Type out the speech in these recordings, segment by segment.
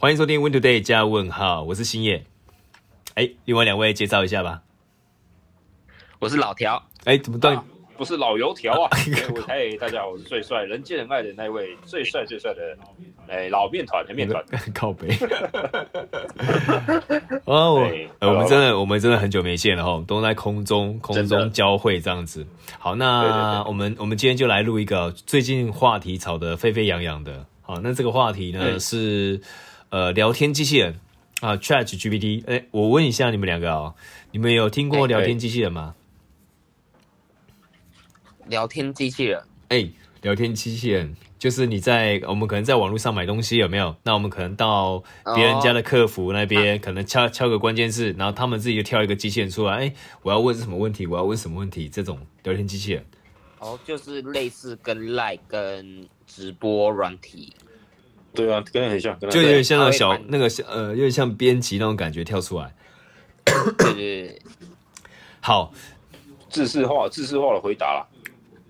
歡迎收聽《When Today 加問號》，我是星野。哎，另外兩位介紹一下吧。我是老條。哎，怎麼對、啊，不是老油條啊。啊哎，哎，大家好，我是最帥、人見人愛的那位最帥最帥的哎老麵團的麵團。靠北哦、 啊呃，我們真的我們真的很久沒見了哈，都在空中空中交匯這樣子。好，那對對對，我們我們今天就來錄一個最近話題炒得沸沸揚揚的。好，那這個話題呢是。呃，聊天機器人啊，ChatGPT、欸。哎，我問一下你們兩個哦，你們有聽過聊天機器人嗎？欸、聊天機器人，哎、欸，聊天機器人就是你在我們可能在網絡上買東西有沒有？那我們可能到別人家的客服那邊，哦、可能敲敲個關鍵字、啊，然後他們自己就跳一個機器人出來。哎、欸，我要問什麼問題？我要問什麼問題？這種聊天機器人，好、哦，就是類似跟 LINE 跟直播軟體。對啊，跟他很像，跟他就有點像小那個，呃，有點像編輯那種感覺跳出來。 好，制式化、制式化的回答啦。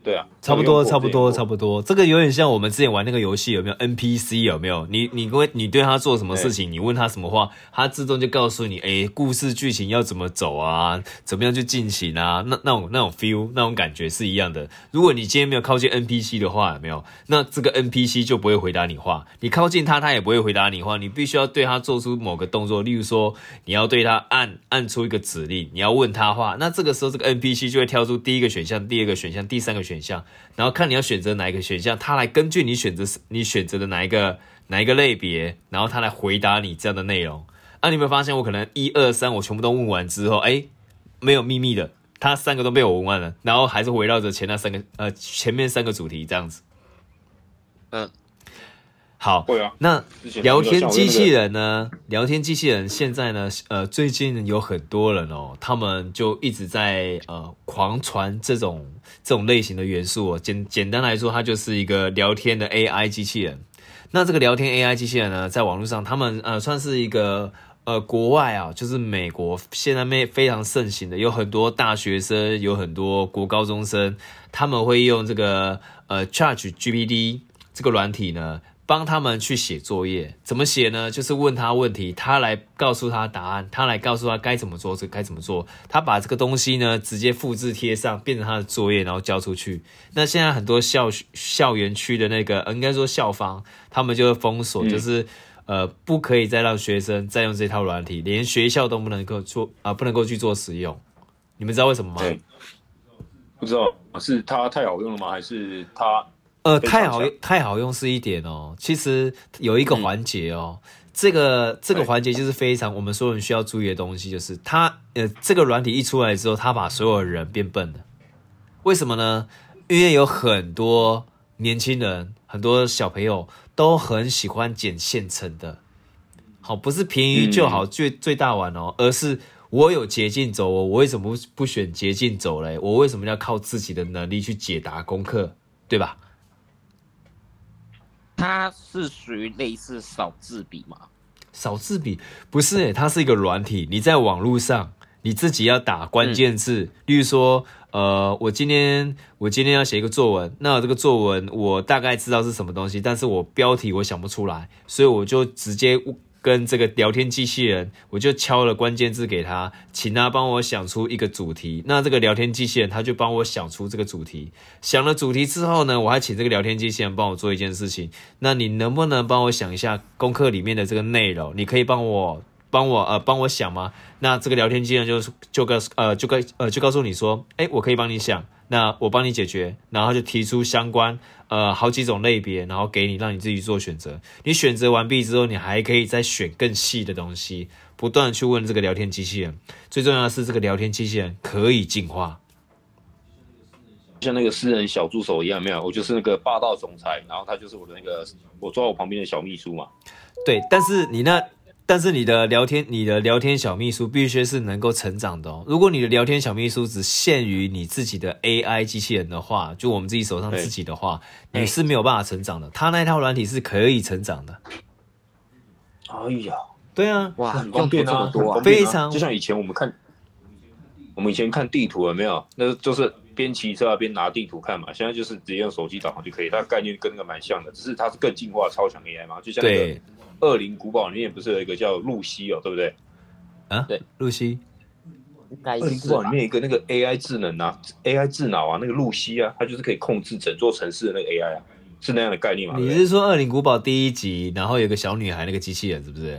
對啊，差不多，差不多，差不多。這個有點像我們之前玩那個遊戲，有沒有 NPC？有沒有你？你會你對他做什麼事情？你問他什麼話，他自動就告訴你。哎、欸，故事劇情要怎麼走啊？怎麼樣去進行啊？那那種那種 feel，那種感覺是一樣的。如果你今天沒有靠近 NPC 的話，有沒有，那這個 NPC 就不會回答你話。你靠近他，他也不會回答你話。你必須要對他做出某個動作，例如說你要對他按按出一個指令，你要問他話。那這個時候，這個 NPC 就會跳出第一個選項、第二個選項、第三個選項。選項，然後看你要選擇哪一個選項，他來根據你選擇你選擇的哪一個哪一個類別，然後他來回答你這樣的內容。啊，你有沒有發現我可能一二三我全部都問完之後，哎，沒有祕密的，他三個都被我問完了，然後還是圍繞着前那三個呃前面三個主題這樣子，嗯。好，那聊天機器人呢？聊天機器人現在呢？呃，最近有很多人哦，他們就一直在呃狂傳這種這種類型的元素哦。簡簡單來說，它就是一個聊天的 AI 機器人。那這個聊天 AI 機器人呢，在網絡上，他們呃算是一個呃國外啊，就是美國現在沒非常盛行的，有很多大學生，有很多國高中生，他們會用這個呃 ChatGPT 這個軟體呢，幫他們去寫作業，怎麼寫呢？就是問他問題，他來告訴他答案，他來告訴他該怎麼做，這該怎麼做。他把這個東西呢，直接複製貼上，變成他的作業，然後交出去。那現在很多校校園區的那個、呃，應該說校方，他們就會封鎖，就是、嗯、呃，不可以再讓學生再用這套軟體，連學校都不能夠做啊、呃，不能夠去做使用。你們知道為什麼嗎？對，不知道，是他太好用了嗎？還是他？呃，太好太好用是一點哦。其實有一個環節哦，嗯、這個這個環節就是非常我們所有人需要注意的東西，就是它呃，這個軟體一出來之後，它把所有的人變笨了。為什麼呢？因為有很多年輕人，很多小朋友都很喜歡撿現成的。好、哦，不是便宜就好最最大碗哦，而是我有捷徑走，我為什麼不不選捷徑走嘞？我為什麼要靠自己的能力去解答功課？對吧？它是屬於類似少字筆嗎？少字筆？不是欸，它是一個軟體。你在網絡上，你自己要打關鍵字，嗯、例如說，呃，我今天我今天要寫一個作文，那這個作文我大概知道是什麼東西，但是我標題我想不出來，所以我就直接。跟這個聊天機器人，我就敲了關鍵字給他，請他幫我想出一個主題。那這個聊天機器人他就幫我想出這個主題。想了主題之後呢，我還請這個聊天機器人幫我做一件事情。那你能不能幫我想一下功課裡面的這個內容？你可以幫我，幫我呃，幫我想嗎？那這個聊天機器人就就告呃就告呃就告訴你說，哎、欸，我可以幫你想。那我幫你解決，然後就提出相關，呃，好幾種類別，然後給你，讓你自己做選擇。你選擇完畢之後，你還可以再選更細的東西，不斷去問這個聊天機器人。最重要的是，這個聊天機器人可以進化，像那個私人小助手一樣，沒有，我就是那個霸道總裁，然後他就是我的那個，我坐我旁邊的小秘書嘛。對，但是你那。但是你的聊天，你的聊天小秘書必須是能夠成長的、哦。如果你的聊天小秘書只限於你自己的 AI 機器人的話，就我們自己手上自己的話，你是沒有辦法成長的。他那一套軟體是可以成長的。哎呀，對啊，哇，很方便啊、用變這麼多、啊啊，非常，就像以前我們看，我們以前看地圖有沒有？那就是。邊騎車邊拿地圖看嘛，現在就是直接用手機導航就可以。它概念跟那個蠻像的，只是它是更進化、超強 AI 嘛。就像那個《二零古堡》裡面不是有一個叫露西哦，對不對？啊，對，露西。二零古堡裡面有一個那個 AI 智能啊，AI 智腦啊，那個露西啊，它就是可以控制整座城市的那個 AI 啊，是那樣的概念嘛？你是說《二零古堡》第一集，然後有個小女孩那個機器人是不是？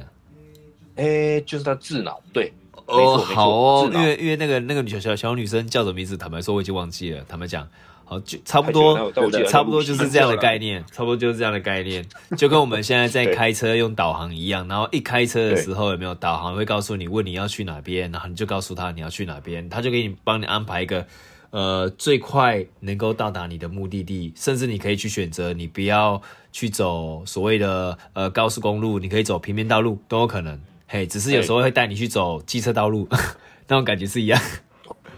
哎、欸，就是它智腦，對。哦，好哦，因為因為那個那個女小、小小女生叫什麼名字？坦白說我已經忘記了。坦白講，好就差不多，差不多就是這樣的概念，嗯、差不多就是這樣的概念，就跟我們現在在開車用導航一樣。然後一開車的時候有沒有導航會告訴你，問你要去哪邊，然後你就告訴他你要去哪邊，他就給你幫你安排一個，呃，最快能夠到達你的目的地。甚至你可以去選擇，你不要去走所謂的呃高速公路，你可以走平面道路都有可能。嘿、hey，只是有時候會帶你去走機車道路，欸、 那種感覺是一樣。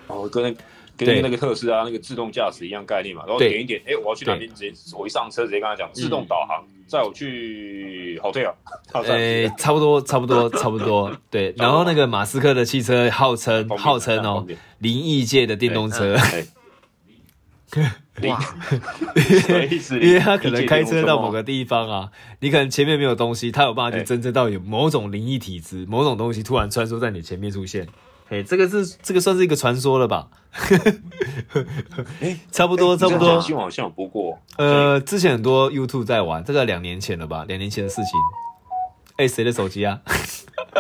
哦，跟、那個、跟那個特斯拉、啊、那個自動駕駛一樣概念嘛。然後點一點，哎、欸，我要去哪邊直接？我一上車直接跟他講自動導航，載、嗯、我去好，對啊，差不多，差不多， 差不多。對，然後那個馬斯克的汽車號稱號稱哦，靈異界的電動車。欸呃欸哇，意 思因為他可能開車到某個地方啊，你可能前面沒有東西，他有辦法去偵測到有某種靈異體質、欸、某種東西突然穿梭在你前面出現。哎、欸，這個是這個算是一個傳說了吧、欸 差欸？差不多，差不多。呃、欸，之前很多 YouTube 在玩，這個兩年前了吧？兩年前的事情。哎、欸，誰的手機啊？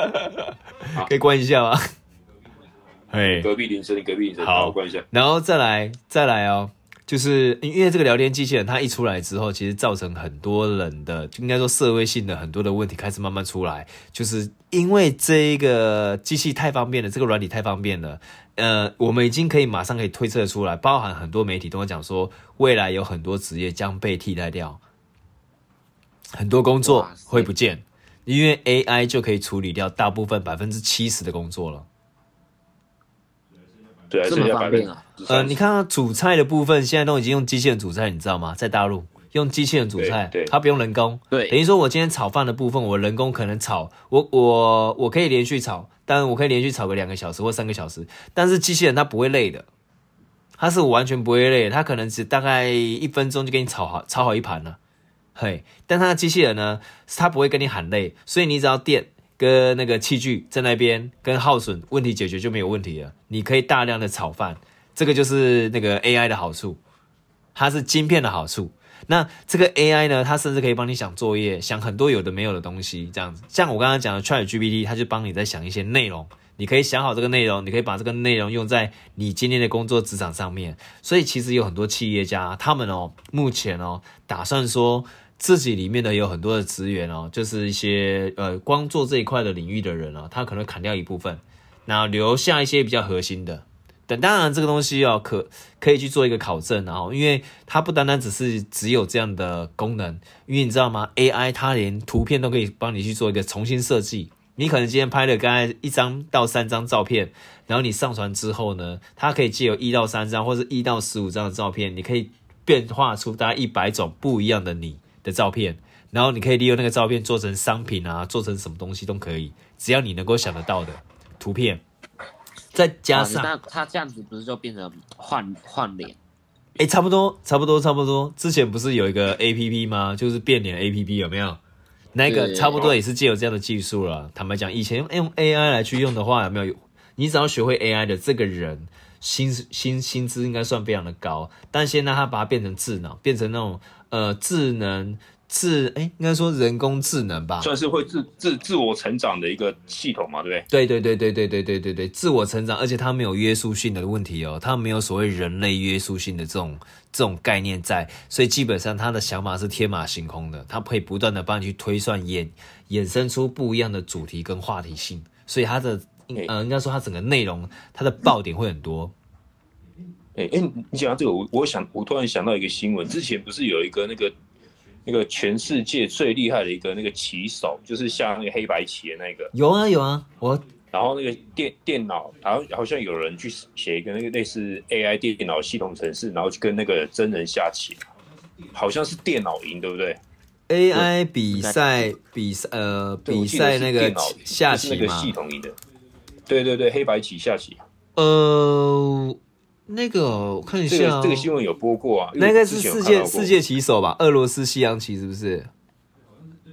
可以關一下嗎？哎、啊， 欸、隔壁鈴聲，你隔壁鈴聲，好，關一下。然後再來，再來哦。就是因為這個聊天機器人，它一出來之後，其實造成很多人的，應該說社會性的很多的問題開始慢慢出來。就是因為這一個機器太方便了，這個軟體太方便了。呃，我們已經可以馬上可以推測出來，包含很多媒體都會講說，未來有很多職業將被替代掉，很多工作會不見，因為 AI 就可以處理掉大部分百分之七十的工作了。對啊，這麼方便啊！呃，你看它煮菜的部分現在都已經用機器人煮菜，你知道嗎？在大陸用機器人煮菜，它不用人工，對，等於說我今天炒飯的部分，我人工可能炒，我我我可以連續炒，但我可以連續炒個兩個小時或三個小時，但是機器人它不會累的，它是我完全不會累，它可能只大概一分鐘就給你炒好，炒好一盤了，嘿，但它的機器人呢，它不會跟你喊累，所以你只要電跟那個器具在那邊，跟耗損問題解決就沒有問題了，你可以大量的炒飯。這個就是那個 AI 的好處，它是晶片的好處。那這個 AI 呢，它甚至可以幫你想作業，想很多有的沒有的東西，這樣子。像我剛剛講的 ChatGPT，它就幫你在想一些內容。你可以想好這個內容，你可以把這個內容用在你今天的工作職場上面。所以其實有很多企業家，他們哦，目前哦，打算說自己裡面的有很多的資源哦，就是一些呃，光做這一塊的領域的人哦，他可能砍掉一部分，那留下一些比較核心的。等當然，這個東西哦、啊，可可以去做一個考證啊，因為它不單單只是只有這樣的功能。因為你知道嗎？AI 它連圖片都可以幫你去做一個重新設計。你可能今天拍了剛才一張到三張照片，然後你上傳之後呢，它可以藉由一到三張或者一到十五張的照片，你可以變化出大概一百種不一樣的你的照片。然後你可以利用那個照片做成商品啊，做成什麼東西都可以，只要你能夠想得到的圖片。再加上、啊、他，他這樣子，不是就變成換換臉？哎、欸，差不多，差不多，差不多。之前不是有一個 A P P 嗎？就是變臉 A P P 有沒有？那個差不多也是藉由這樣的技術了。坦白講，以前、欸、用 A I 來去用的話，有沒有？你只要學會 A I 的這個人，薪薪薪資應該算非常的高，但現在他把它變成智能，變成那種呃智能。是，哎、欸，應該說人工智能吧，算是會自自自我成長的一個系統嘛，對不對？對對對對對對對對對，自我成長，而且它沒有約束性的問題哦，它沒有所謂人類約束性的這種這種概念在，所以基本上他的想法是天馬行空的，他可以不斷的幫你去推算衍衍生出不一樣的主題跟話題性，所以他的、呃欸、應該說他整個內容他的爆點會很多。哎、欸、哎、欸，你講到這個，我我想我突然想到一個新聞，之前不是有一個那個。那個全世界最厲害的一個那個棋手，就是下那個黑白棋的那個，有啊有啊，我。然後那個電電腦，然後好像有人去寫一個那個類似 AI 電腦系統程式，然後去跟那個真人下棋，好像是電腦贏，對不對？AI 比賽比賽呃比賽電腦那個下棋嘛，就是，那個系統贏的，對，對對對，黑白棋下棋，呃、uh...。那個我看一下、哦這個、這個新聞有播過啊，那個是世界世界棋手吧？俄羅斯西洋棋是不是？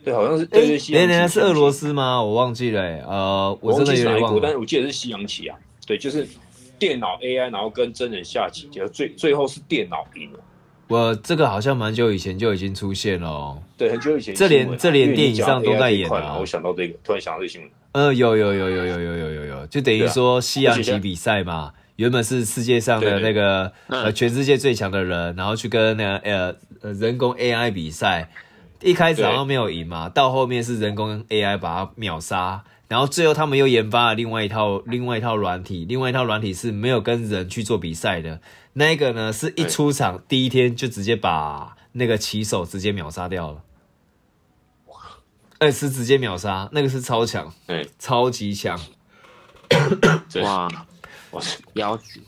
對，好像是。哎、欸欸，是俄羅斯嗎？我忘記了、欸。呃，我忘記哪一國？但是我記得是西洋棋啊。對，就是電腦 AI 然後跟真人下棋，下棋最最後是電腦贏了。我這個好像蠻久以前就已經出現了。對，很久以前、啊。這連這連電影上都在演的、啊、我想到這個，突然想到這個新聞、啊。嗯、呃，有,有有有有有有有有有，就等於說西洋棋比賽嘛。原本是世界上的那個對對那呃，全世界最強的人，然後去跟那個呃人工 AI 比賽，一開始好像沒有贏嘛，到後面是人工 AI 把它秒殺，然後最後他們又研發了另外一套另外一套軟體，另外一套軟體是沒有跟人去做比賽的，那個呢是一出場、欸、第一天就直接把那個棋手直接秒殺掉了，哇！而且是直接秒殺，那個是超強，對、欸，超級強， 哇！哇，標準，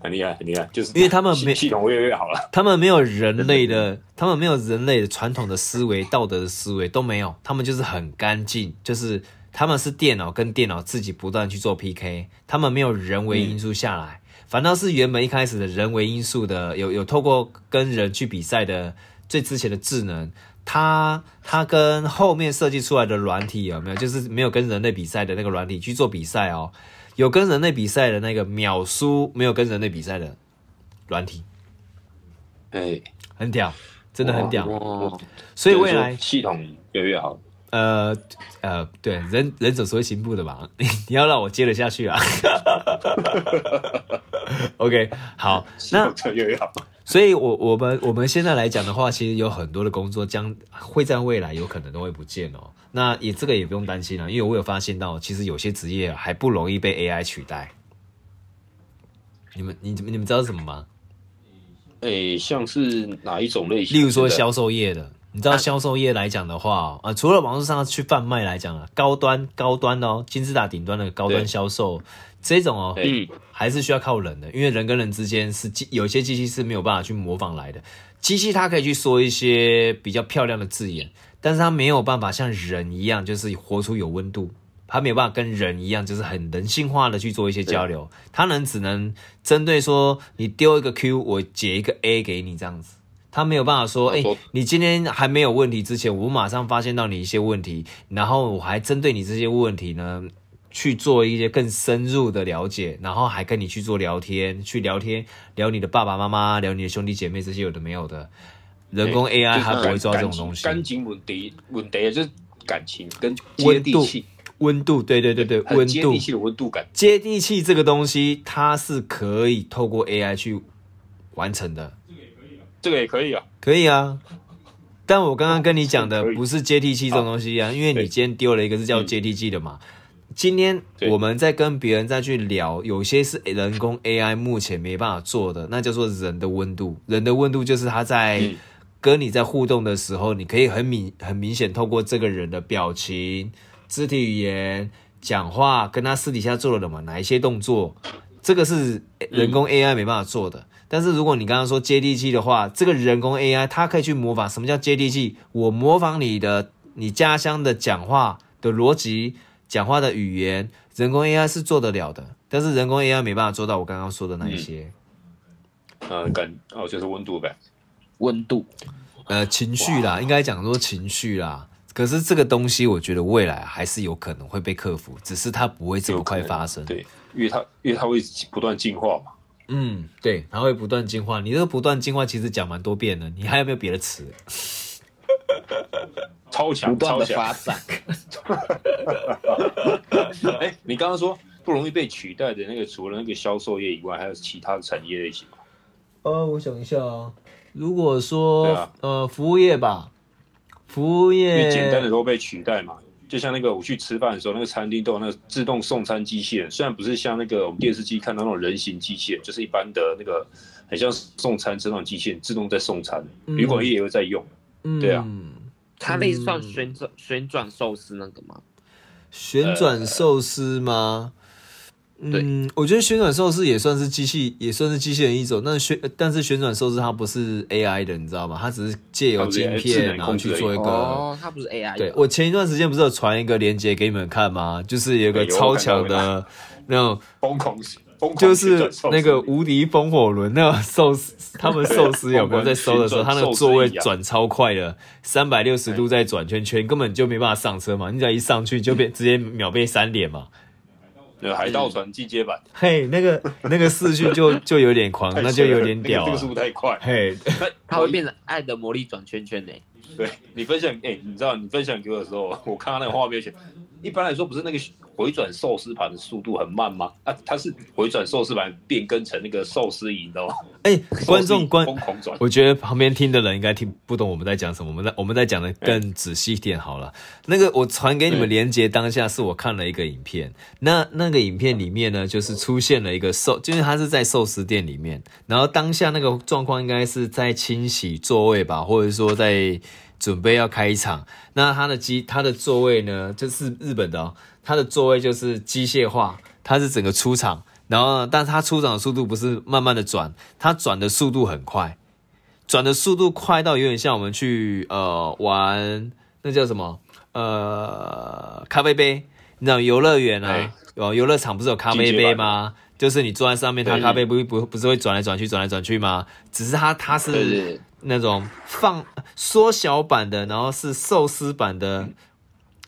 很、啊、厲害，很厲害，就是因為他們沒系，系統越來越，越好了，他們沒有人類的，他們沒有人類的傳統的思維，道德的思維都沒有，他們就是很乾淨，就是他們是電腦跟電腦自己不斷去做 PK，他們沒有人為因素下來，嗯、反倒是原本一開始的人為因素的，有有透過跟人去比賽的最之前的智能，他他跟後面設計出來的軟體有沒有，就是沒有跟人類比賽的那個軟體去做比賽哦。有跟人類比賽的那個秒輸，沒有跟人類比賽的軟體，哎、欸，很屌，真的很屌，所以未來以系統越來越好。呃呃，對，人人手，所有進步的吧？ 你要讓我接得下去啊 ？OK，好，好，那。越來越好。所以我，我我們我們現在來講的話，其實有很多的工作將會在未來有可能都會不見哦。那也這個也不用擔心了、啊，因為我有發現到，其實有些職業還不容易被 AI 取代。你們，你你們知道什麼嗎？誒、欸、像是哪一種類型？例如說銷售業的，的你知道銷售業來講的話、哦，啊、呃，除了網絡上去販賣來講啊高端、高端哦，金字塔頂端的高端銷售。這種哦，嗯，還是需要靠人的，因為人跟人之間是機，有些機器是沒有辦法去模仿來的。機器它可以去說一些比較漂亮的字眼，但是它沒有辦法像人一樣，就是活出有溫度，它沒有辦法跟人一樣，就是很人性化的去做一些交流。嗯、它能只能針對說你丟一個 Q，我解一個 A 給你這樣子，它沒有辦法說，哎、欸，你今天還沒有問題之前，我馬上發現到你一些問題，然後我還針對你這些問題呢。去做一些更深入的了解，然後還跟你去做聊天，去聊天聊你的爸爸媽媽，聊你的兄弟姐妹，這些有的沒有的。欸、人工 AI 還不會做這種東西。乾淨問題問題就是感情跟接。溫度。溫度對對對對，溫、欸、度，度。接地氣的溫度感。接地氣這個東西，它是可以透過 AI 去完成的。這個也可以啊，這個也可以啊，可以啊。但我剛剛跟你講的不是接地氣這種東西啊，嗯、因為你今天丟了一個是叫接地氣的嘛。嗯今天我們在跟別人再去聊，有些是人工 AI 目前沒辦法做的，那叫做人的溫度。人的溫度就是他在跟你在互動的時候，嗯、你可以很明很明顯透過這個人的表情、肢體語言、講話，跟他私底下做了什麼、哪一些動作，這個是人工 AI 沒辦法做的。嗯、但是如果你剛剛說接地氣的話，這個人工 AI 它可以去模仿什麼叫接地氣？我模仿你的你家鄉的講話的邏輯。講話的語言，人工 AI 是做得了的，但是人工 AI 沒辦法做到我剛剛說的那一些。嗯。呃，感哦，就是溫度唄。溫度。呃，情緒啦，應該講說情緒啦。可是這個東西，我覺得未來還是有可能會被克服，只是它不會這麼快發生。對，因為它因為它會不斷進化嘛。嗯，對，它會不斷進化。你這個不斷進化，其實講蠻多遍了。你還有沒有別的詞？超強超強，哎、 欸，你剛剛說不容易被取代的那個，除了那個銷售業以外，還有其他的產業類型嗎？啊、哦，我想一下啊、哦，如果說、啊，呃，服務業吧，服務業簡單的都被取代嘛。就像那個我去吃飯的時候，那個餐廳都有那個自動送餐機器人，雖然不是像那個我們電視機看到那種人形機器人，就是一般的那個很像送餐的那種機器人，自動在送餐，旅館業也有在用。對啊、嗯，它那是算旋轉旋轉壽司那個嗎？旋轉壽司嗎？呃、嗯。我覺得旋轉壽司也算是機器，也算是機器人一種。但旋但是旋轉壽司它不是 AI 的，你知道嗎？它只是借由晶片 AI, 然後去做一個。哦，它不是 AI。對，我前一段時間不是有傳一個鏈接給你們看嗎？就是有一個超強的那種瘋狂型。 就是那個無敵風火輪，那個壽司，他們壽司有關在收的時候，他那個座位轉超快的，三百六十度在轉圈圈，根本就沒辦法上車嘛。你只要一上去，就變直接秒變三臉嘛。海盜船進階版，嘿，那個那個視訊就，就就有點狂，那就有點屌，這個速度太快，嘿、哎，哎哎哎、它會變成愛的魔力轉圈圈呢、欸。對你分享，哎，你知道你分享給我的時候，我看到那個畫面前一般來說，不是那個回轉壽司盤的速度很慢嗎？啊，它是回轉壽司盤變更成那個壽司椅，的嗎？哎、欸，觀眾觀我覺得旁邊聽的人應該聽不懂我們在講什麼，我們在我們在講得更仔細一點好了。嗯、那個我傳給你們連結當下，是我看了一個影片，嗯、那那個影片裡面呢，就是出現了一個壽，就是它是在壽司店裡面，然後當下那個狀況應該是在清洗座位吧，或者說在。準備要開一場，那他的機他的座位呢？就是日本的哦，他的座位就是機械化，它是整個出廠，然後，但是它出廠的速度不是慢慢的轉，它轉的速度很快，轉的速度快到有點像我們去呃玩那叫什麼呃咖啡杯，你知道遊樂園啊，哦，遊樂場不是有咖啡杯、杯嗎？就是你坐在上面，它咖啡不會不不是會轉來轉去轉來轉去嗎？只是它它是那種放縮小版的，然後是壽司版的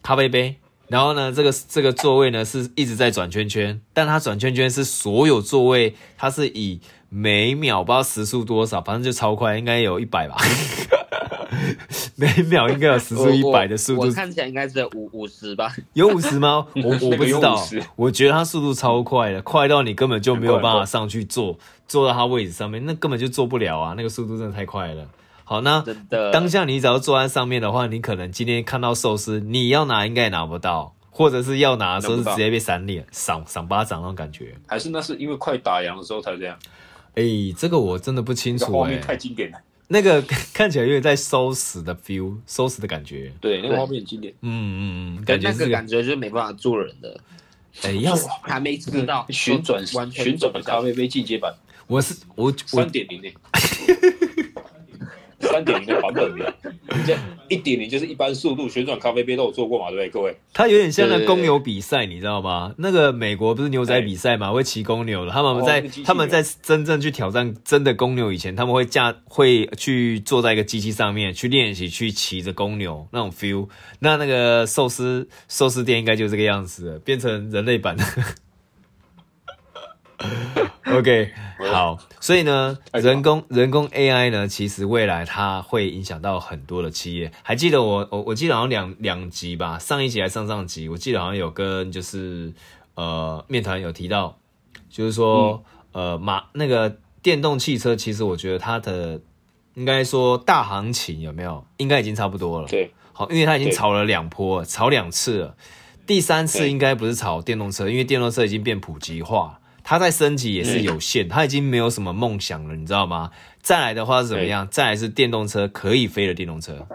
咖啡杯杯，然後呢這個這個座位呢是一直在轉圈圈，但它轉圈圈是所有座位，它是以每秒不知道時速多少，反正就超快，應該有一百吧。 每秒應該有時速一百的速度，我，我，我看起來應該只有五五十吧。 有五十嗎？我，那個、我不知道， 我覺得它速度超快的，快到你根本就沒有辦法上去坐，坐到它位置上面，那根本就坐不了啊！那個速度真的太快了。好，那真的當下你只要坐在上面的話，你可能今天看到壽司，你要拿應該也拿不到，或者是要拿的時候是直接被閃臉、扇扇巴掌那種感覺。還是那是因為快打烊的時候才這樣？哎，欸，這個我真的不清楚，欸。畫，那個、面太經典了。那個看起來有點在收拾的 feel，收拾的感覺。對，那個畫面很經典。嗯嗯，嗯，感覺是個那個感覺就是沒辦法做人的。哎、欸、要，還沒、這個、知道旋轉式旋轉的咖啡杯進階版，我是我三點零零，三點零版本。一點零就是一般速度旋轉咖啡杯都有做過嘛，對不對，各位？它有點像那公牛比賽，對對對對，你知道嗎？那個美國不是牛仔比賽嘛，欸、會騎公牛的。他們在、哦那個，他們在真正去挑戰真的公牛以前，他們會駕會去坐在一個機器上面去練習去騎着公牛那種 feel。那那個壽司壽司店應該就這個樣子，變成人類版的。 OK， 好，所以呢，人工人工 AI 呢，其實未來它會影響到很多的企業。還記得我我我記得好像兩兩集吧，上一集還上上集，我記得好像有跟就是呃面團有提到，就是說、嗯、呃馬那個電動汽車，其實我覺得它的應該說大行情有沒有，應該已經差不多了。對。okay. 好，因為它已經炒了兩波了，okay. 炒兩次了。第三次應該不是炒電動車，okay. 因為電動車已經變普及化。它在升級也是有限，它、欸、已經沒有什麼夢想了，你知道嗎？再來的話是怎麼樣？欸、再來是電動車可以飛的電動車，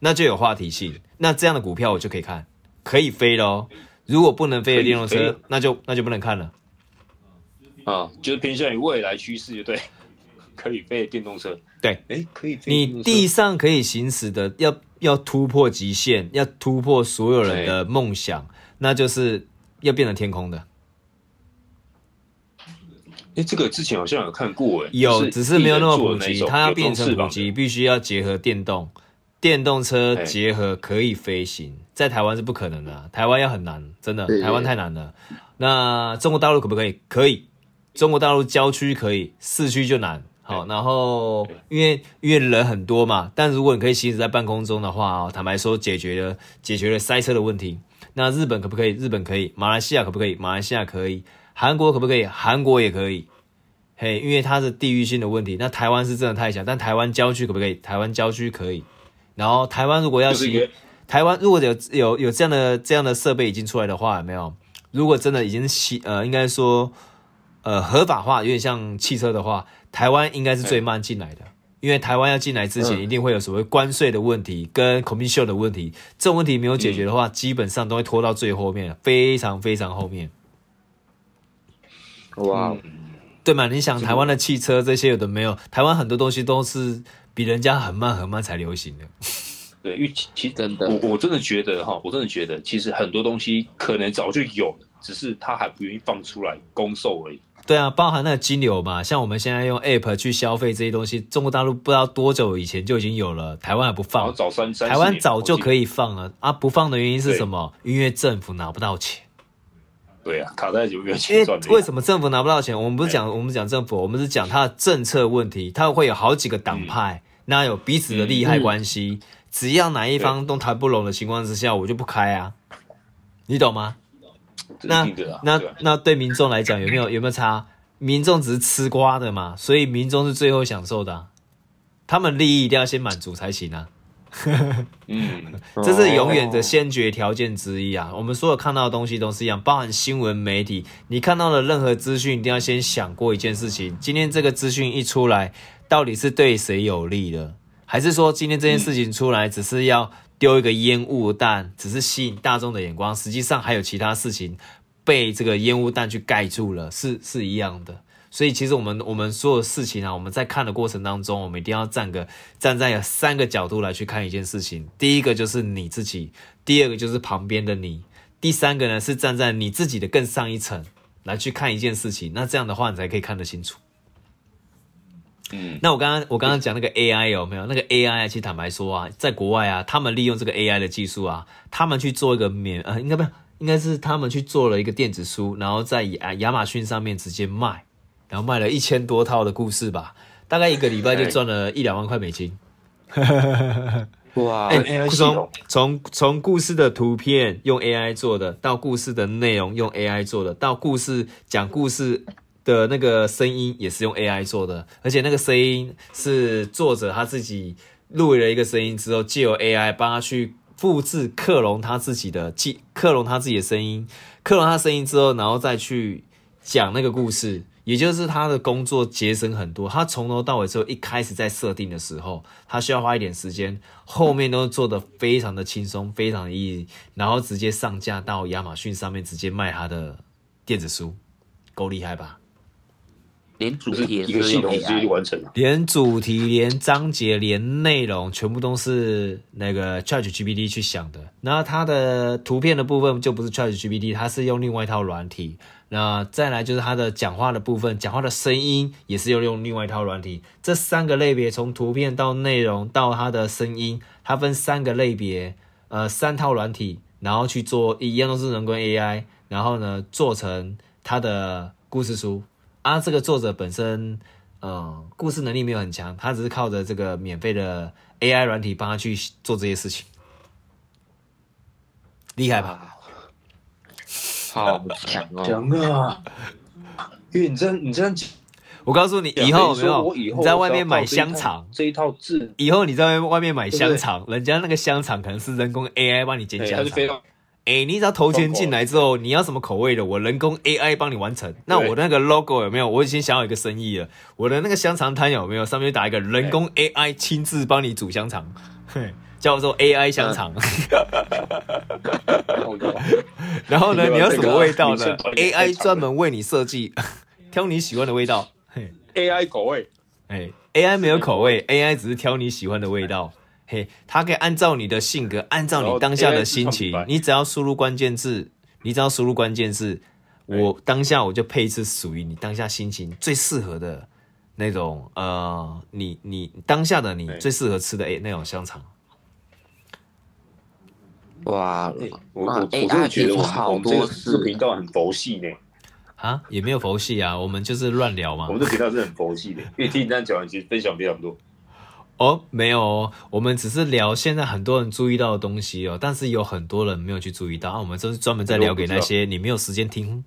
那就有話題性。那這樣的股票我就可以看，可以飛嘍。如果不能飛的電動車，那就那就不能看了。啊，就是偏向於未來趨勢，就對。可以飛的電動車，對，誒、欸，可以飛。你地上可以行駛的，要要突破極限，要突破所有人的夢想，那就是要變成天空的。欸、這個之前好像有看過哎，有、就是，只是沒有那麼普及。它要變成普及，必須要結合電動，電動車結合可以飛行，欸、在台灣是不可能的，台灣要很難，真的，欸、台灣太難了。欸、那中國大陸可不可以？可以，中國大陸郊區可以，市區就難。好、欸喔，然後、欸、因為因為人很多嘛，但如果你可以行駛在半空中的話，坦白說，解決了解決了塞車的問題。那日本可不可以？日本可以。馬來西亞可不可以？馬來西亞可，可以。韓國可不可以？韓國也可以，嘿、hey，因為它是地域性的問題。那台灣是真的太小，但台灣郊區可不可以？台灣郊區可以。然後台灣如果要進，台灣如果有有有這樣的這樣的設備已經出來的話，有沒有？如果真的已經進，呃，應該說，呃，合法化有點像汽車的話，台灣應該是最慢進來的，因為台灣要進來之前，一定會有所謂關稅的問題跟 commission 的問題，這種問題沒有解決的話，嗯、基本上都會拖到最後面，非常非常後面。嗯哇、嗯，對嘛？你想台灣的汽車這些有的沒有？這個、台灣很多東西都是比人家很慢很慢才流行的。 對，因為其其實真的，我我真的覺得哈，我真的覺得，其實很多東西可能早就有，只是他還不願意放出來供售而已。對啊，包含那個金流嘛，像我們現在用 App 去消費這些東西，中國大陸不知道多久以前就已經有了，台灣還不放。啊、早三,三十年，台灣早就可以放了啊！不放的原因是什麼？因為政府拿不到錢。對啊，卡在就沒有錢賺。因為為什麼政府拿不到錢？我們不是講、欸，我們講政府，我們是講他的政策問題。他會有好幾個黨派，那、嗯、有彼此的利害關係、嗯嗯。只要哪一方都談不攏的情況之下，我就不開啊，你懂嗎？那那對、啊對啊、那對民眾來講有沒有有沒有差？民眾只是吃瓜的嘛，所以民眾是最後享受的、啊，他們利益一定要先滿足才行啊。呵呵呵，嗯，這是永遠的先決條件之一啊！我們所有看到的東西都是一樣，包含新聞媒體，你看到的任何資訊，一定要先想過一件事情：今天這個資訊一出來，到底是對誰有利的？還是說今天這件事情出來只是要丟一個煙霧彈，只是吸引大眾的眼光？實際上還有其他事情被這個煙霧彈去蓋住了，是是一樣的。所以其實我們我們所有的事情啊，我們在看的過程當中，我們一定要站個站在三個角度來去看一件事情。第一個就是你自己，第二個就是旁邊的你，第三個呢是站在你自己的更上一層來去看一件事情。那這樣的話，你才可以看得清楚。嗯，那我剛剛我剛剛講那個 AI 有沒有？那個 AI 其實坦白說啊，在國外啊，他們利用這個 AI 的技術啊，他們去做一個免呃，應該不，有，應該是他們去做了一個電子書，然後在亞亞馬遜上面直接賣。然後賣了一千多套的故事吧，大概一個禮拜就賺了一兩萬塊美金。哇、 欸！從從從故事的圖片用 AI 做的，到故事的內容用 AI 做的，到故事講故事的那個聲音也是用 AI 做的，而且那個聲音是作者他自己錄了一個聲音之後，借由 AI 幫他去複製克隆他自己的，記，克隆他自己的聲音，克隆他聲音之後，然後再去講那個故事。也就是他的工作節省很多，他從頭到尾之後，一開始在設定的時候，他需要花一點時間，後面都做的非常的輕鬆，非常的 easy，然後直接上架到亞馬遜上面直接賣他的電子書，夠厲害吧？連主題一個系統完成了，連主題、連章節、連內容， 連連連內容全部都是那個 ChatGPT 去想的，那他的圖片的部分就不是 ChatGPT，他是用另外一套軟體。那、呃、再來就是他的講話的部分，講話的聲音也是要用另外一套軟體。這三個類別，從圖片到內容到他的聲音，他分三個類別，呃，三套軟體，然後去做一，一樣都是人工 AI，然後呢，做成他的故事書。啊，這個作者本身，嗯、呃，故事能力沒有很強，他只是靠着這個免費的 AI 軟體幫他去做這些事情，厲害吧？強哦、強啊，強啊！因為你這樣，你這樣講，我告訴你，以後有沒有？你，你在外面買香腸，這一套字，以後你在外面買香腸，人家那個香腸可能是人工 AI 幫你煎香腸。哎、欸，你只要投錢進來之後，logo、你要什麼口味的？我人工 AI 幫你完成。那我的那個 logo 有沒有？我已經想好一個生意了。我的那個香腸攤有沒有？上面打一個人工 AI 親自幫你煮香腸。 叫做 AI 香腸、嗯， 然後呢、 啊，你要什麼味道呢 AI 專門為你設計， 挑你喜歡的味道。AI 口味、欸、，AI 沒有口味，AI 只是挑你喜歡的味道。嘿，它可以按照你的性格，按照你當下的心情，你只要輸入關鍵字，你只要輸入關鍵字、欸，我當下我就配一次屬於你當下心情最適合的那種呃，你你當下的你最適合吃的誒、欸、那種香腸。哇，我我哎，大家覺得我們、欸、好多我們這視頻道很佛系呢？啊，也沒有佛系啊，我們就是亂聊嘛。 我們的頻道是很佛系的，因為聽你這樣講，其實分享比較多。哦，沒有哦，哦我們只是聊現在很多人注意到的東西哦，但是有很多人沒有去注意到。啊，我們就是專門在聊給那些、哎、你沒有時間聽，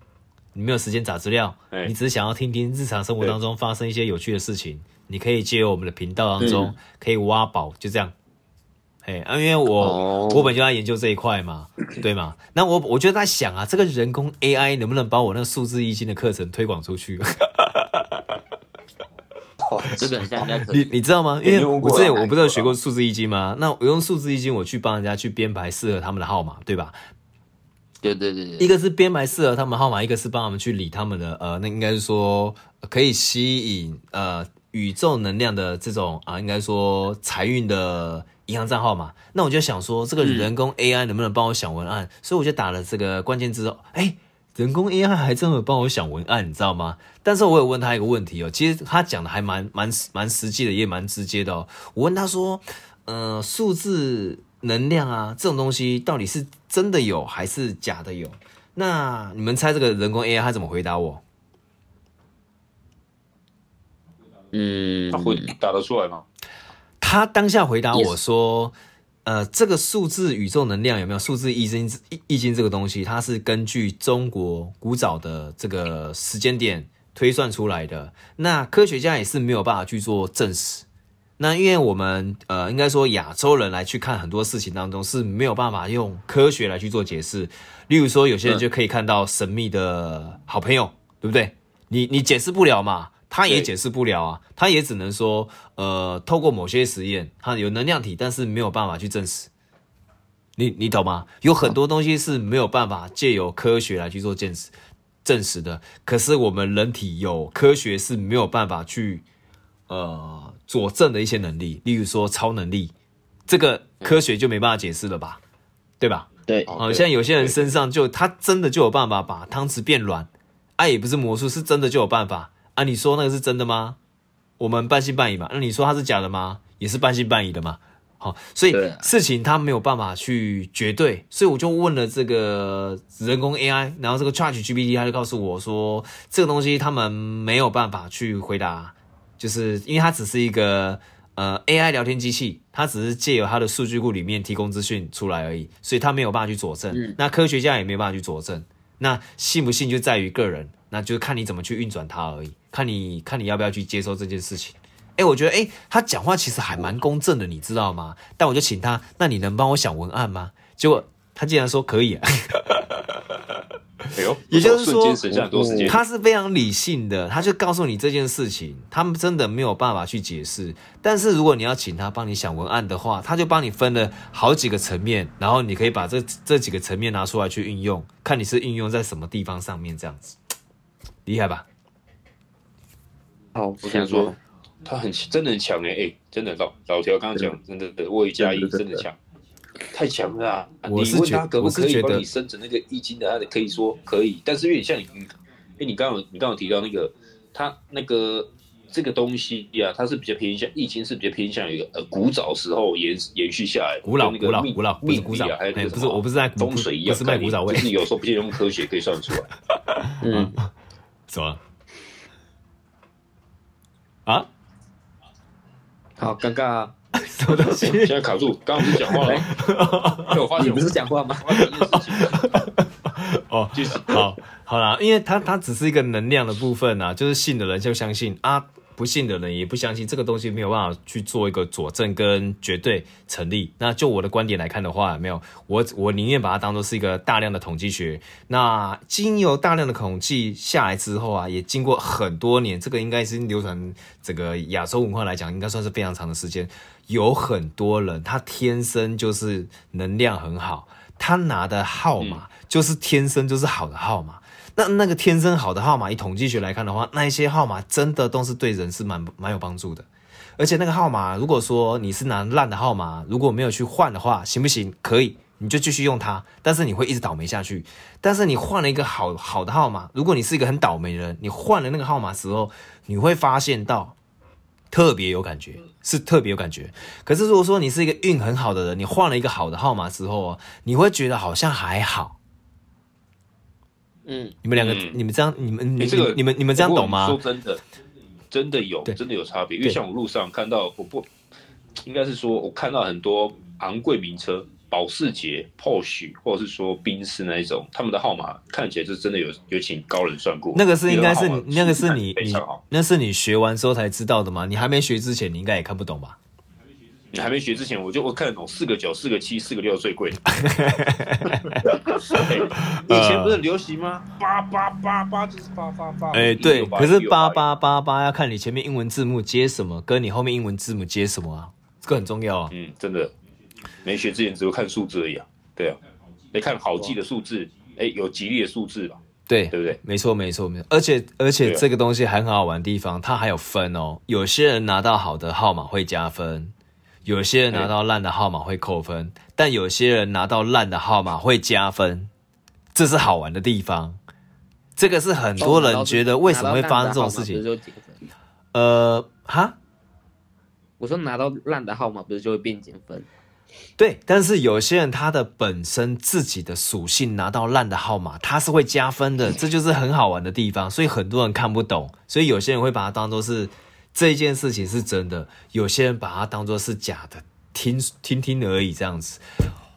你沒有時間找資料、哎，你只是想要聽聽日常生活當中發生一些有趣的事情，你可以借由我們的頻道當中可以挖寶，就這樣。啊、因為我、oh. 我本就在研究這一塊嘛，對嘛。那我我就在想啊，這個人工 AI 能不能把我那個數字易經的課程推廣出去、 oh, 真？真的，真的 你你知道嗎？因為我之前我不是有學過數字易經嗎？那我用數字易經，我去幫人家去編排適合他們的號碼，對吧？對對對，對，對，一個是編排適合他們的號碼，一個是幫他們去理他們的呃，那應該是說可以吸引呃宇宙能量的這種啊、呃，應該說財運的。銀行賬號嘛，那我就想說，這個人工 AI 能不能幫我想文案、嗯？所以我就打了這個關鍵字，哎、欸，人工 AI 還真的有幫我想文案，你知道嗎？但是我有問他一個問題哦、喔，其實他講的還蠻蠻蠻實際的，也蠻直接的哦、喔。我問他說，嗯、呃，數字能量啊這種東西到底是真的有還是假的有？那你們猜這個人工 AI 他怎麼回答我？嗯，他會答得出來嗎？嗯他當下回答我說：“ Yes. 呃，這個數字宇宙能量有沒有數字易經？易經這個東西，它是根據中國古早的這個時間點推算出來的。那科學家也是沒有辦法去做證實。那因為我們呃，應該說亞洲人來去看很多事情當中是沒有辦法用科學來去做解釋。例如說，有些人就可以看到神秘的好朋友，嗯、對不對？你你解釋不了嘛。”他也解釋不了啊，他也只能說，呃，透過某些實驗，他有能量體，但是沒有辦法去證實。你你懂嗎？有很多東西是沒有辦法借由科學來去做見證，證實的。可是我們人體有科學是沒有辦法去，呃，佐證的一些能力，例如說超能力，這個科學就沒辦法解釋了吧？對吧？對。好、嗯、像有些人身上就他真的就有辦法把湯匙變軟，愛、啊、也不是魔術，是真的就有辦法。那、啊、你說那個是真的嗎？我們半信半疑吧，那、啊、你說它是假的嗎？也是半信半疑的嘛。好、哦，所以、啊、事情他沒有辦法去絕對。所以我就問了這個人工 AI，然後這個 ChatGPT，他就告訴我說，這個東西他們沒有辦法去回答，就是因為它只是一個呃 AI 聊天機器，它只是借由它的數據庫裡面提供資訊出來而已，所以它沒有辦法去佐證、嗯。那科學家也沒有辦法去佐證。那信不信就在於個人。那就是看你怎麼去運轉它而已，看你看你要不要去接受這件事情。哎，我覺得哎，他講話其實還蠻公正的，你知道嗎？但我就請他，那你能幫我想文案嗎？結果他竟然說可以、啊。 哎呦我我，也就是說、嗯，他是非常理性的，他就告訴你這件事情，他們真的沒有辦法去解釋。但是如果你要請他幫你想文案的話，他就幫你分了好幾個層面，然後你可以把這這幾個層面拿出來去運用，看你是運用在什麼地方上面這樣子。厲害吧？好，我想說，他很真的很強誒。誒，真的、欸欸，真的老老條剛，剛講對，真的的魏嘉一真的強，太強了啊！我是覺得，啊、我是覺得，你問他可不可以幫你生成那個易經的、啊，他可以說可以，但是有點像你，哎、欸，你剛剛你剛剛提到那個，他那個這個東西呀、啊，它是比較偏向易經，是比較偏向一個呃古早時候延延續下來，古老那個古老古老命理啊，還是那種不是我不是在風水一樣，一不，不是賣古早味，就是有時候別人用科學可以算出來， 嗯。 怎麼？啊？好尷尬啊！ 什麼東西？現在卡住，剛剛不是講話了？你 不是講話嗎？ 哦，好，好啦，因為它它只是一個能量的部分啊，就是信的人就相信啊。不信的人也不相信這個東西，沒有辦法去做一個佐證跟絕對成立。那就我的觀點來看的話，沒有我，我寧願把它當做是一個大量的統計學。那經由大量的統計下來之後啊，也經過很多年，這個應該是流傳這個亞洲文化來講，應該算是非常長的時間。有很多人，他天生就是能量很好，他拿的號碼就是天生就是好的號碼。嗯那那個天生好的號碼，以統計學來看的話，那一些號碼真的都是對人是蠻蠻有幫助的。而且那個號碼，如果說你是拿爛的號碼，如果沒有去換的話，行不行？可以，你就繼續用它。但是你會一直倒霉下去。但是你換了一個好好的號碼，如果你是一個很倒霉的人，你換了那個號碼時候，你會發現到特別有感覺，是特別有感覺。可是如果說你是一個運很好的人，你換了一個好的號碼之後哦，你會覺得好像還好。嗯，你們兩個、嗯，你們這樣，你們你、欸、這個，你們你們這樣懂嗎？說真的，真的有，真的有差別。因為像我路上看到，不不，應該是說，我看到很多昂貴名車，保時捷、Porsche，或者是說賓士那一種，他們的號碼看起來是真的有有請高人算過。那個是應該是那個是你你，那是你學完之後才知道的嗎？你還沒學之前，你應該也看不懂吧？你還沒學之前，我就我看得懂四個九、四個七、四個六最貴的。以前不是流行嗎？八八八八就是八八八。哎，對，168, 可是八八八八要看你前面英文字母接什麼，跟你後面英文字母接什麼啊、嗯，這個很重要啊。嗯，真的。沒學之前，只有看數字而已啊。對啊，得、欸、看好記的數字，哎、欸，有吉利的數字吧？對，對不對？沒錯，沒錯，沒錯。而且而且、啊、這個東西還很好玩的地方它還有分哦。有些人拿到好的號碼會加分。有些人拿到爛的號碼會扣分，但有些人拿到爛的號碼會加分，這是好玩的地方。這個是很多人覺得為什麼會發生這種事情。呃，哈，我說拿到爛的號碼不是就會變減分？對，但是有些人他的本身自己的屬性拿到爛的號碼，他是會加分的，這就是很好玩的地方。所以很多人看不懂，所以有些人會把它當做是。這一件事情是真的，有些人把它當做是假的，聽聽聽而已這樣子，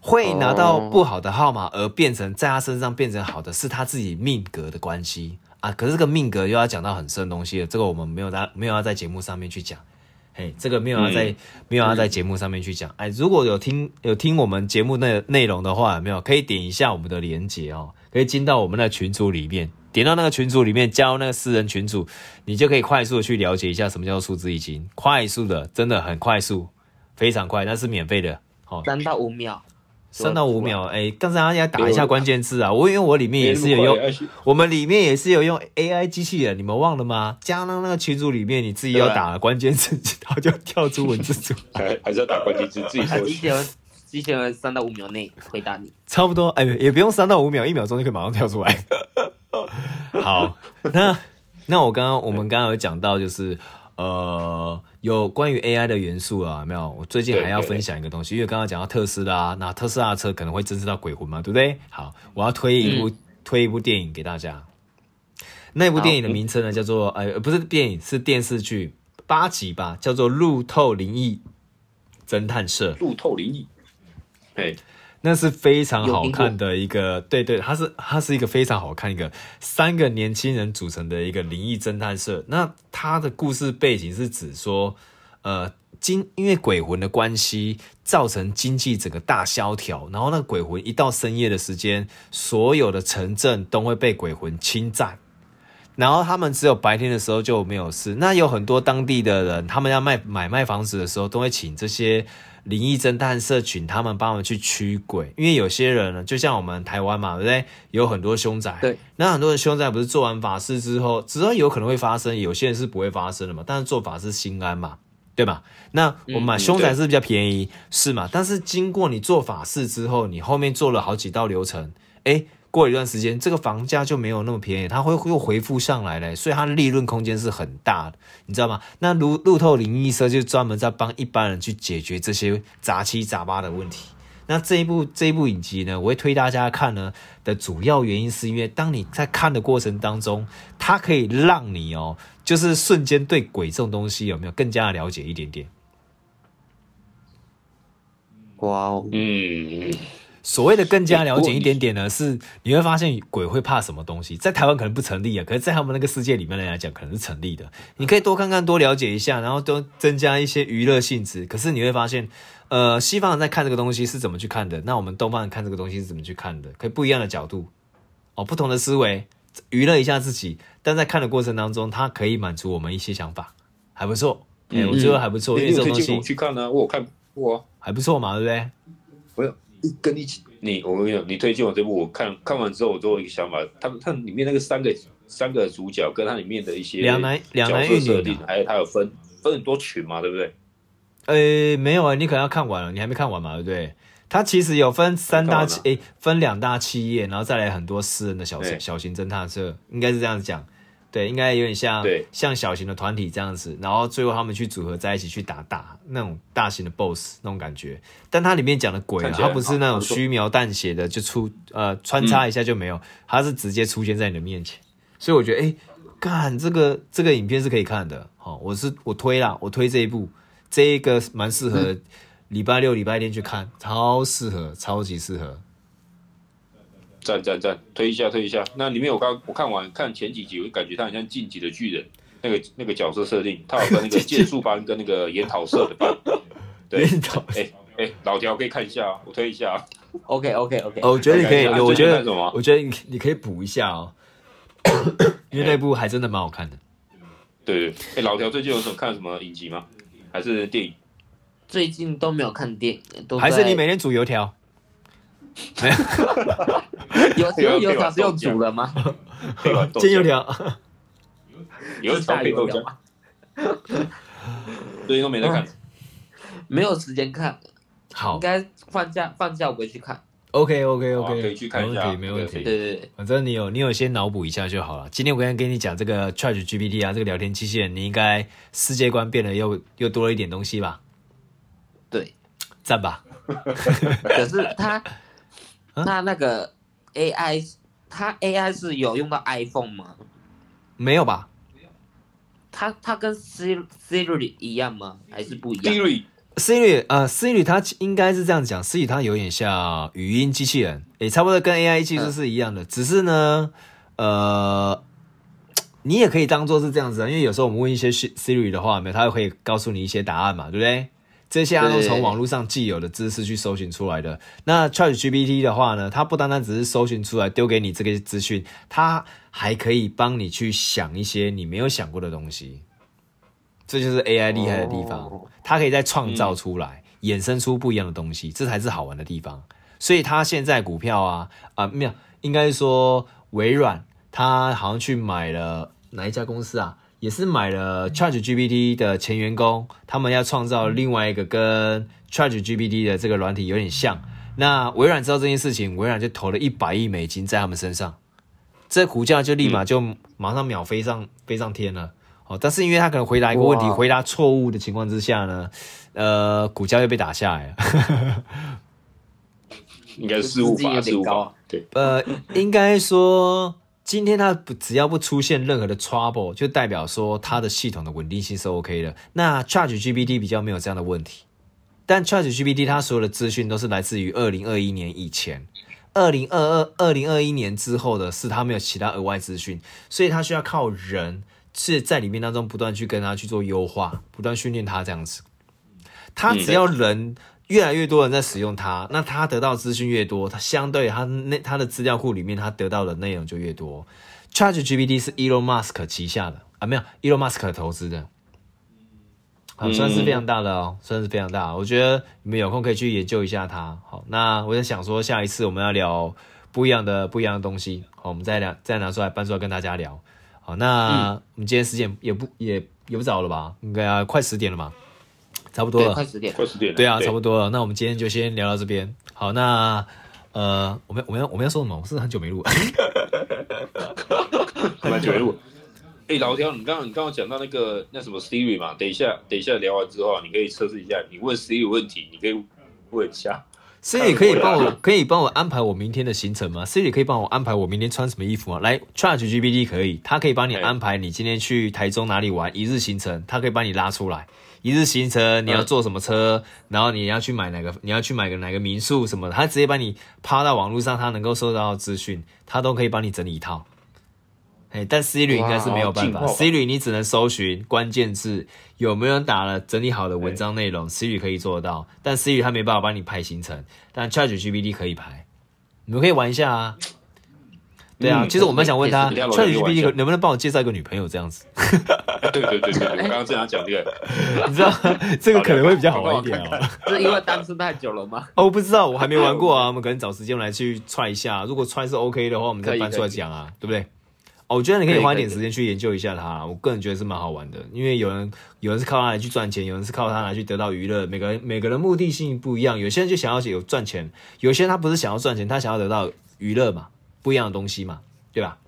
會拿到不好的號碼而變成在他身上變成好的，是他自己命格的關係啊。可是這個命格又要講到很深的東西了，這個我們沒有在沒有要在節目上面去講，嘿，這個沒有要在、嗯、沒有要在節目上面去講。哎，如果有聽有聽我們節目內內容的話，有沒有可以點一下我們的鏈接哦，可以進到我們的群組裡面。點到那個群組裡面，加入那個私人群組，你就可以快速的去了解一下什麼叫數字易經快速的，真的很快速，非常快，但是免費的，好、哦，三到五秒，三到五秒，哎，剛才大家打一下關鍵字啊，我因為我裡面也是有用，我是有用，我們裡面也是有用 AI 機器人、啊，你們忘了嗎？加到那個群組裡面，你自己要打的關鍵字，它 就跳出文字出來， 還是要打關鍵字，自己說，機器人，機器人三到五秒內回答你，差不多，哎，也不用三到五秒，一秒鐘就可以馬上跳出來。 好，那那我剛剛我們剛剛有講到，就是呃，有關於 AI 的元素啊，有沒有？我最近還要分享一個東西，因為剛剛講到特斯拉，那特斯拉車可能會偵測到鬼魂嘛，對不對？好，我要推一部、嗯、推一部電影給大家，那部電影的名稱呢叫做哎、呃，不是電影是電視劇八集吧，叫做《路透靈異偵探社》。路透靈異，對。那是非常好看的一個，對對，它是它是一個非常好看一個三個年輕人組成的一個靈異偵探社。那它的故事背景是指說，呃，經因為鬼魂的關係造成經濟整個大蕭條，然後那鬼魂一到深夜的時間，所有的城鎮都會被鬼魂侵佔。然後他們只有白天的時候就沒有事。那有很多當地的人，他們要賣買賣房子的時候，都會請這些靈異偵探社群，他們幫我們去驅鬼。因為有些人呢，就像我們台灣嘛，對不對？有很多凶宅。那很多的凶宅不是做完法事之後，只有可能會發生，有些人是不會發生的嘛。但是做法事心安嘛，對吧？那我們買凶宅是比較便宜，嗯、是嘛？但是經過你做法事之後，你後面做了好幾道流程，哎。過一段時間，這個房價就沒有那麼便宜，它會又恢復上來了，所以它的利潤空間是很大的，你知道嗎？那路路透靈異社就專門在幫一般人去解決這些雜七雜八的問題。那這一部這一部影集呢，我會推大家看呢的主要原因，是因為當你在看的過程當中，它可以讓你哦，就是瞬間對鬼這種東西有沒有更加的了解一點點？哇哦，嗯。所謂的更加了解一點點呢，是你會發現鬼會怕什麼東西，在台灣可能不成立啊，可是在他們那個世界裡面來講，可能是成立的。你可以多看看，多了解一下，然後多增加一些娛樂性質。可是你會發現，呃，西方人在看這個東西是怎麼去看的，那我們東方人看這個東西是怎麼去看的，可以不一樣的角度哦、喔，不同的思維，娛樂一下自己。但在看的過程當中，它可以滿足我們一些想法，還不錯。哎，我覺得還不錯，因為這東西我去看呢，我看過還不錯嘛，對不對？沒有。跟你一起，你我跟你講，你推薦我這部，我看看完之後，我都有一個想法。他它裡面那個三個三個主角，跟他裡面的一些兩男兩男一女，還有他有分分很多群嘛，對不對？呃、欸，沒有啊、欸，你可能要看完了，你還沒看完嘛，對不對？他其實有分三大，哎、啊欸，分兩大企業，然後再來很多私人的小、欸、小型偵探社，應該是這樣子講。對，應該有點像對，像小型的團體這樣子，然後最後他們去組合在一起去打打那種大型的 boss 那種感覺。但它裡面講的鬼，它不是那種輕描淡寫的，就出呃，穿插一下就沒有、嗯，它是直接出現在你的面前。嗯、所以我覺得，哎，幹，這個這個影片是可以看的。哦，我是我推啦，我推這一部，這一個蠻適合禮拜六、嗯、禮拜天去看，超適合，超級適合。讚讚讚，推一下推一下。那裡面我剛我看完看前幾集，我就感覺他很像《進擊的巨人》那個那個角色設定，他好像那個劍術班跟那個研討社的班。研 討對。哎 哎、欸欸，老條可以看一下啊、哦，我推一下啊、哦。OK OK OK、哦。我覺得你可以，我覺得、啊、什麼、啊？我覺得你你可以補一下哦， 因為那部還真的蠻好看的。對、欸、對。哎、欸，老條最近有什麼 看什麼影集嗎？還是電影？最近都沒有看電影，都還是你每天煮油條？沒 有，油油油條是用煮了嗎？煎油條，油條配豆漿，所以都沒得看，沒有時間看。好，應該放假放假回去看。OK OK OK，可以去看可可以，沒問題沒問題。反正你有你有先腦補一下就好了。今天我剛剛跟你講這個 ChatGPT 啊，這個聊天機器人，你應該世界觀變得又又多了一點東西吧？對，讚吧。 可是他。那、嗯、那個 A I 它 A I 是有用到 iPhone 嗎？沒有吧。它它跟 Siri Siri 一樣嗎？還是不一樣、啊、？Siri Siri 啊 Siri 它應該是這樣講，Siri 它有點像語音機器人，誒、欸，差不多跟 A I 技術是一樣的、呃。只是呢，呃，你也可以當做是這樣子、啊，因為有時候我們問一些 Siri 的話，沒有，它會告訴你一些答案嘛，對不對？這些都都從網絡上既有的知識去搜尋出來的。那 ChatGPT 的話呢，它不單單只是搜尋出來丟給你這個資訊，它還可以幫你去想一些你沒有想過的東西。這就是 AI 厲害的地方，它、哦、可以再創造出來、嗯、衍生出不一樣的東西，這才是好玩的地方。所以它現在股票啊啊、呃、沒有，應該說微軟，它好像去買了哪一家公司啊？也是買了 ChatGPT 的前員工，他們要創造另外一個跟 ChatGPT 的這個軟體有點像。那微軟知道這件事情，微軟就投了一百億美金在他們身上，這股價就立馬就馬上秒飛上、嗯、飛上天了。哦，但是因為他可能回答一個問題回答錯誤的情況之下呢，呃，股價又被打下來了。 應該該是失誤吧？對。呃，應該說。今天它不只要不出現任何的 trouble，就代表說它的系統的穩定性是 OK 的。那 ChatGPT 比較沒有這樣的問題，但 ChatGPT 它所有的資訊都是來自於2021年以前，2022、2021年之後的事，它沒有其他額外資訊，所以它需要靠人是在裡面當中不斷去跟它去做優化，不斷訓練它這樣子。它只要人。嗯越來越多人在使用它，那它得到的資訊越多，它相對它那它的資料庫裡面它得到的內容就越多。ChatGPT 是 Elon Musk 旗下的啊，沒有 Elon Musk 投資的，好算是非常大的哦、嗯，算是非常大。我覺得你們有空可以去研究一下它。好，那我在想說，下一次我們要聊不一樣的不一樣的東西，好，我們再聊再拿出來搬出來跟大家聊。好，那、嗯、我們今天時間也不也也不早了吧？應該、啊、快十點了嘛。差不多了，快十點。快十點了。對啊，差不多了。那我們今天就先聊到這邊。好，那呃，我們我們要我們要說什麼？我是很久沒錄，很 久沒錄。哎、欸，老條，你剛剛你剛剛講到那個那什麼 Siri 嘛，等一下等一下聊完之後，你可以測試一下，你問 Siri 問題，你可以問一下 Siri，一下可以幫我可以幫我安排我明天的行程嗎？Siri 可以幫我安排我明天穿什麼衣服嗎？來，ChatGPT 可以，他可以幫你安排你今天去台中哪裡玩一日行程，他可以幫你拉出來。一日行程，你要坐什麼車、嗯？然後你要去買哪個？你要去買個哪個民宿什麼的？他直接把你趴到網絡上，他能夠收到資訊，他都可以幫你整理一套。哎、欸，但 Siri 應該是沒有辦法，Siri 你只能搜尋關鍵字，有沒有人打了整理好的文章內容、欸、？Siri 可以做到，但 Siri 他、嗯、沒辦法幫你排行程，但 ChatGPT 可以排，你們可以玩一下啊。對、嗯、啊，其實我們想問他，ChatGPT 能不能幫我介紹一個女朋友這樣子？對對對對，我剛剛這樣講對？你知道這個可能會比較好玩一點哦、喔，這是因為單身太久了嗎？哦，我不知道，我還沒玩過啊，我們可能找時間來去踹一下。如果踹是 OK 的話，我們再搬出來講啊，對不對？哦、啊，我覺得你可以花一點時間去研究一下他、啊，我個人覺得是蠻好玩的，因為有人有人是靠他來去賺錢，有人是靠他來去得到娛樂，每個人每個人目的性不一樣，有些人就想要有賺錢，有些人他不是想要賺錢，他想要得到娛樂嘛。不一樣的東西嘛，對吧？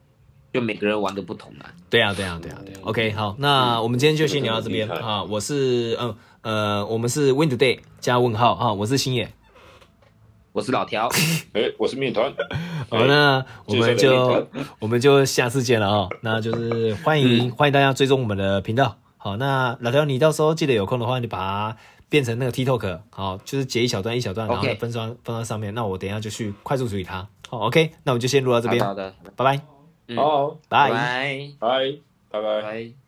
就每個人玩的不同嘛、啊。對啊對啊對啊對，啊對啊、嗯。OK，好，那我們今天就先聊到這邊啊、嗯。我是嗯呃，我們是 Wind Day 加問號啊。我是星野，我是老條，哎、 欸，我是麵團。好、欸哦，那我們就我們就下次見了啊。那就是歡迎、嗯、歡迎大家追蹤我們的頻道。好，那老條你到時候記得有空的話，你把它變成那個 TikTok，好，就是截一小段一小段，然後分裝、okay. 分裝上面。那我等一下就去快速處理它。哦、OK，那我們就先錄到這邊。好，好的，拜拜。嗯，好，拜拜，拜拜，拜拜。